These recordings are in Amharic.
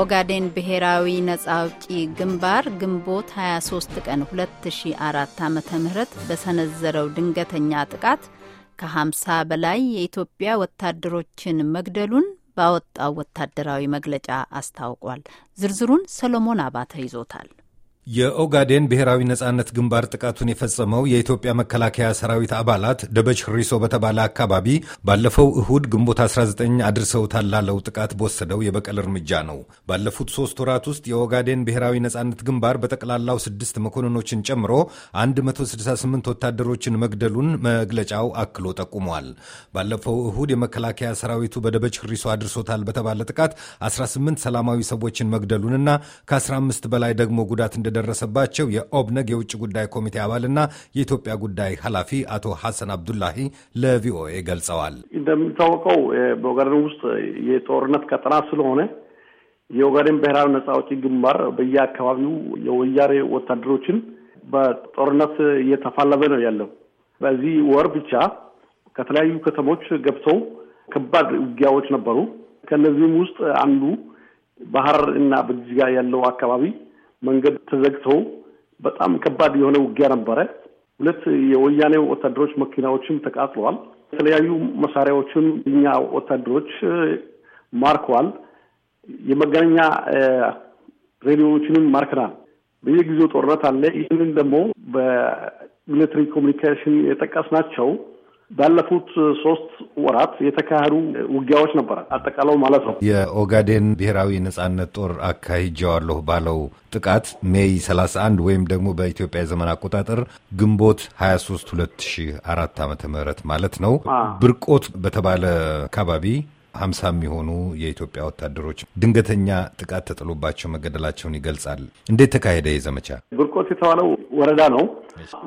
ኦጋዴን ብሔራዊ ነጻ አውጪ ግንባር ግንቦት 23 ቀን 2004 ዓ ም በሰነዘረው ድንገተኛ ጥቃት ከ50 በላይ የኢትዮጵያ ወታደሮችን መግደሉን ባወጣው ወታደራዊ መግለጫ አስታውቋል። ዝርዝሩን ሰሎሞን አባተ ይዞታል። የኦጋዴን ብሔራዊ ነጻነት ግንባር ጥቃቱን የፈጸመው የኢትዮጵያ መከላከያ ሰራዊት አባላት ደበች ሪሶ በተባለ አካባቢ ባለፈው እሁድ ግንቦት 19 አድርሰውታል ላለው ጥቃት በወሰደው የበቀል እርምጃ ነው። ባለፉት ሶስት ወራት ውስጥ የኦጋዴን ብሔራዊ ነጻነት ግንባር በጠቅላላው ስድስት መኮንኖችን ጨምሮ 168 ወታደሮችን መግደሉን መግለጫው አክሎ ጠቁሟል። ባለፈው እሁድ የመከላከያ ሰራዊቱ በደበች ሪሶ አድርሶታል በተባለ ጥቃት 18 ሰላማዊ ሰዎችን መግደሉንና ከ15 በላይ ደግሞ ጉዳት እንደደረሰባቸው የኦብነግ የውጭ ጉዳይ ኮሚቴ አባልና የኢትዮጵያ ጉዳይ ኃላፊ አቶ ሐሰን አብዱላሂ ለቪኦኤ ገልጸዋል። እንደሚታወቀው በኦጋዴን ውስጥ የጦርነት ቀጠና ስለሆነ የኦጋዴን ብሔራዊ ነጻ አውጪ ግንባር በየአካባቢው የወያሬ ወታደሮችን በጦርነት እየተፋለመ ነው ያለው። በዚህ ወር ብቻ ከተለያዩ ከተሞች ገብተው ከባድ ውጊያዎች ነበሩ። ከእነዚህም ውስጥ አንዱ ባህር እና በጅጅጋ ያለው አካባቢ መንገድ ተዘግቶ በጣም ከባድ የሆነ ውጊያ ነበረ። ሁለት የወያኔ ወታደሮች መኪናዎችም ተቃጥለዋል። የተለያዩ መሳሪያዎችን እኛ ወታደሮች ማርከዋል። የመገናኛ ሬዲዮዎችንም ማርከናል። በየጊዜው ጦርነት አለ። ይህንን ደግሞ በሚሊተሪ ኮሚኒኬሽን የጠቀስ ናቸው። ባለፉት ሶስት ወራት የተካሄዱ ውጊያዎች ነበረ አጠቃላው ማለት ነው። የኦጋዴን ብሔራዊ ነጻነት ጦር አካሂጀዋለሁ ባለው ጥቃት ሜይ 31 ወይም ደግሞ በኢትዮጵያ የዘመን አቆጣጠር ግንቦት 23 2004 ዓ.ም ማለት ነው ብርቆት በተባለ አካባቢ ሀምሳ የሚሆኑ የኢትዮጵያ ወታደሮች ድንገተኛ ጥቃት ተጥሎባቸው መገደላቸውን ይገልጻል። እንዴት ተካሄደ? የዘመቻ ብርቆት የተባለው ወረዳ ነው።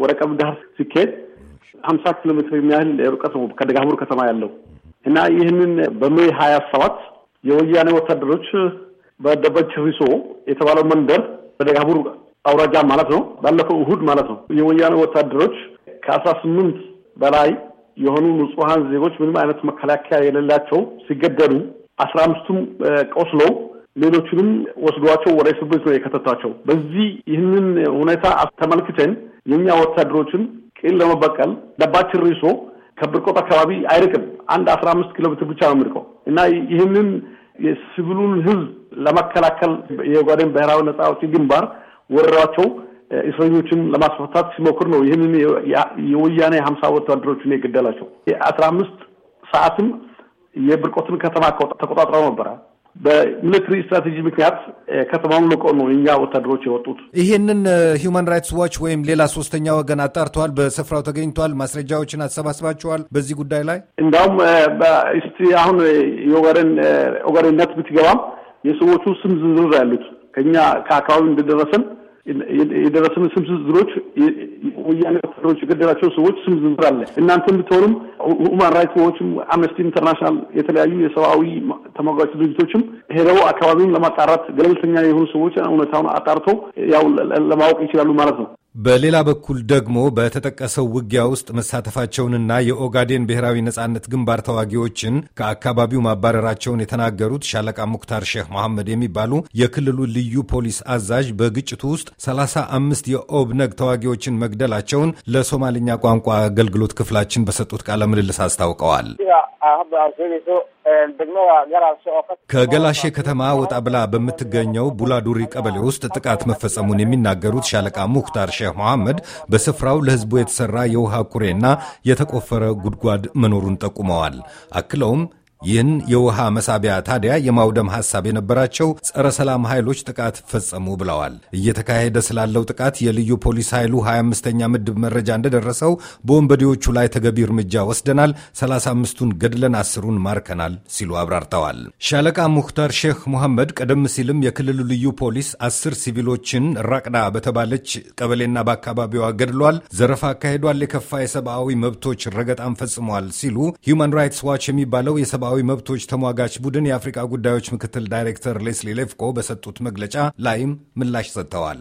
ወረቀም ጋር ሲኬድ ሀምሳ ኪሎ ሜትር የሚያህል ርቀት ነው ከደጋቡር ከተማ ያለው እና ይህንን በሜይ ሀያ ሰባት የወያኔ ወታደሮች በደበች ሪሶ የተባለው መንደር በደጋህቡር አውራጃ ማለት ነው ባለፈው እሁድ ማለት ነው የወያኔ ወታደሮች ከአስራ ስምንት በላይ የሆኑ ንጹሀን ዜጎች ምንም አይነት መከላከያ የሌላቸው ሲገደሉ አስራ አምስቱም ቆስለው ሌሎቹንም ወስዷቸው ወደ እስር ቤት ነው የከተቷቸው። በዚህ ይህንን ሁኔታ ተመልክተን የእኛ ወታደሮችን ቂል ለመበቀል ደባችን ሪሶ ከብርቆት አካባቢ አይርቅም። አንድ አስራ አምስት ኪሎ ሜትር ብቻ ነው የሚርቀው እና ይህንን የሲቪሉን ህዝብ ለመከላከል የጓዴን ብሔራዊ ነጻ አውጪ ግንባር ወረራቸው እስረኞችን ለማስፈታት ሲሞክር ነው ይህንን የወያኔ የሀምሳ ወታደሮችን የገደላቸው። የአስራ አምስት ሰዓትም የብርቆትን ከተማ ተቆጣጥረው ነበረ። በሚሊትሪ ስትራቴጂ ምክንያት ከተማውን ልቆ ነው እኛ ወታደሮች የወጡት። ይሄንን ሂውማን ራይትስ ዋች ወይም ሌላ ሶስተኛ ወገን አጣርተዋል? በስፍራው ተገኝተዋል? ማስረጃዎችን አሰባስባቸዋል? በዚህ ጉዳይ ላይ እንዲሁም እስቲ አሁን የኦጋዴን ኦጋዴንነት ብትገባም የሰዎቹ ስም ዝርዝር ያሉት ከኛ ከአካባቢ እንደደረሰን የደረሰን ስም ዝርዝሮች ወያኔ ወታደሮች የገደላቸው ሰዎች ስም ዝርዝር አለ። እናንተም ብትሆኑም ሁማን ራይትስ ዎችም አምነስቲ ኢንተርናሽናል የተለያዩ የሰብአዊ ተሟጋች ድርጅቶችም ሄደው አካባቢውን ለማጣራት ገለልተኛ የሆኑ ሰዎች እውነታውን አጣርተው ያው ለማወቅ ይችላሉ ማለት ነው። በሌላ በኩል ደግሞ በተጠቀሰው ውጊያ ውስጥ መሳተፋቸውንና የኦጋዴን ብሔራዊ ነጻነት ግንባር ተዋጊዎችን ከአካባቢው ማባረራቸውን የተናገሩት ሻለቃ ሙክታር ሼህ መሐመድ የሚባሉ የክልሉ ልዩ ፖሊስ አዛዥ በግጭቱ ውስጥ 35 አምስት የኦብነግ ተዋጊዎችን መግደላቸውን ለሶማልኛ ቋንቋ አገልግሎት ክፍላችን በሰጡት ቃለ ምልልስ አስታውቀዋል። ከገላሼ ከተማ ወጣ ብላ በምትገኘው ቡላዱሪ ቀበሌ ውስጥ ጥቃት መፈጸሙን የሚናገሩት ሻለቃ ሙክታር ሼህ መሐመድ በስፍራው ለህዝቡ የተሰራ የውሃ ኩሬና የተቆፈረ ጉድጓድ መኖሩን ጠቁመዋል። አክለውም ይህን የውሃ መሳቢያ ታዲያ የማውደም ሐሳብ የነበራቸው ጸረ ሰላም ኃይሎች ጥቃት ፈጸሙ ብለዋል። እየተካሄደ ስላለው ጥቃት የልዩ ፖሊስ ኃይሉ 25ኛ ምድብ መረጃ እንደደረሰው በወንበዴዎቹ ላይ ተገቢ እርምጃ ወስደናል፣ 35ቱን ገድለን አስሩን ማርከናል ሲሉ አብራርተዋል። ሻለቃ ሙክታር ሼክ ሙሐመድ ቀደም ሲልም የክልሉ ልዩ ፖሊስ አስር ሲቪሎችን ራቅዳ በተባለች ቀበሌና በአካባቢዋ ገድሏል፣ ዘረፋ አካሂዷል፣ የከፋ የሰብአዊ መብቶች ረገጣም ፈጽሟል ሲሉ ሂውማን ራይትስ ዋች የሚባለው የሰብአዊ የሰብአዊ መብቶች ተሟጋች ቡድን የአፍሪካ ጉዳዮች ምክትል ዳይሬክተር ሌስሊ ሌፍኮ በሰጡት መግለጫ ላይም ምላሽ ሰጥተዋል።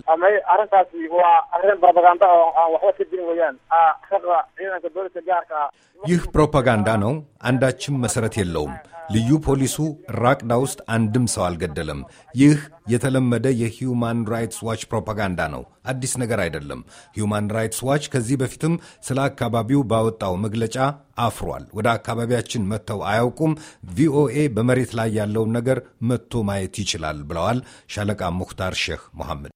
ይህ ፕሮፓጋንዳ ነው፣ አንዳችም መሰረት የለውም። ልዩ ፖሊሱ ራቅዳ ውስጥ አንድም ሰው አልገደለም። ይህ የተለመደ የሂዩማን ራይትስ ዋች ፕሮፓጋንዳ ነው። አዲስ ነገር አይደለም። ሁማን ራይትስ ዋች ከዚህ በፊትም ስለ አካባቢው ባወጣው መግለጫ አፍሯል። ወደ አካባቢያችን መጥተው አያውቁም፣ ቪኦኤ በመሬት ላይ ያለውን ነገር መጥቶ ማየት ይችላል ብለዋል ሻለቃ ሙክታር ሼህ መሐመድ።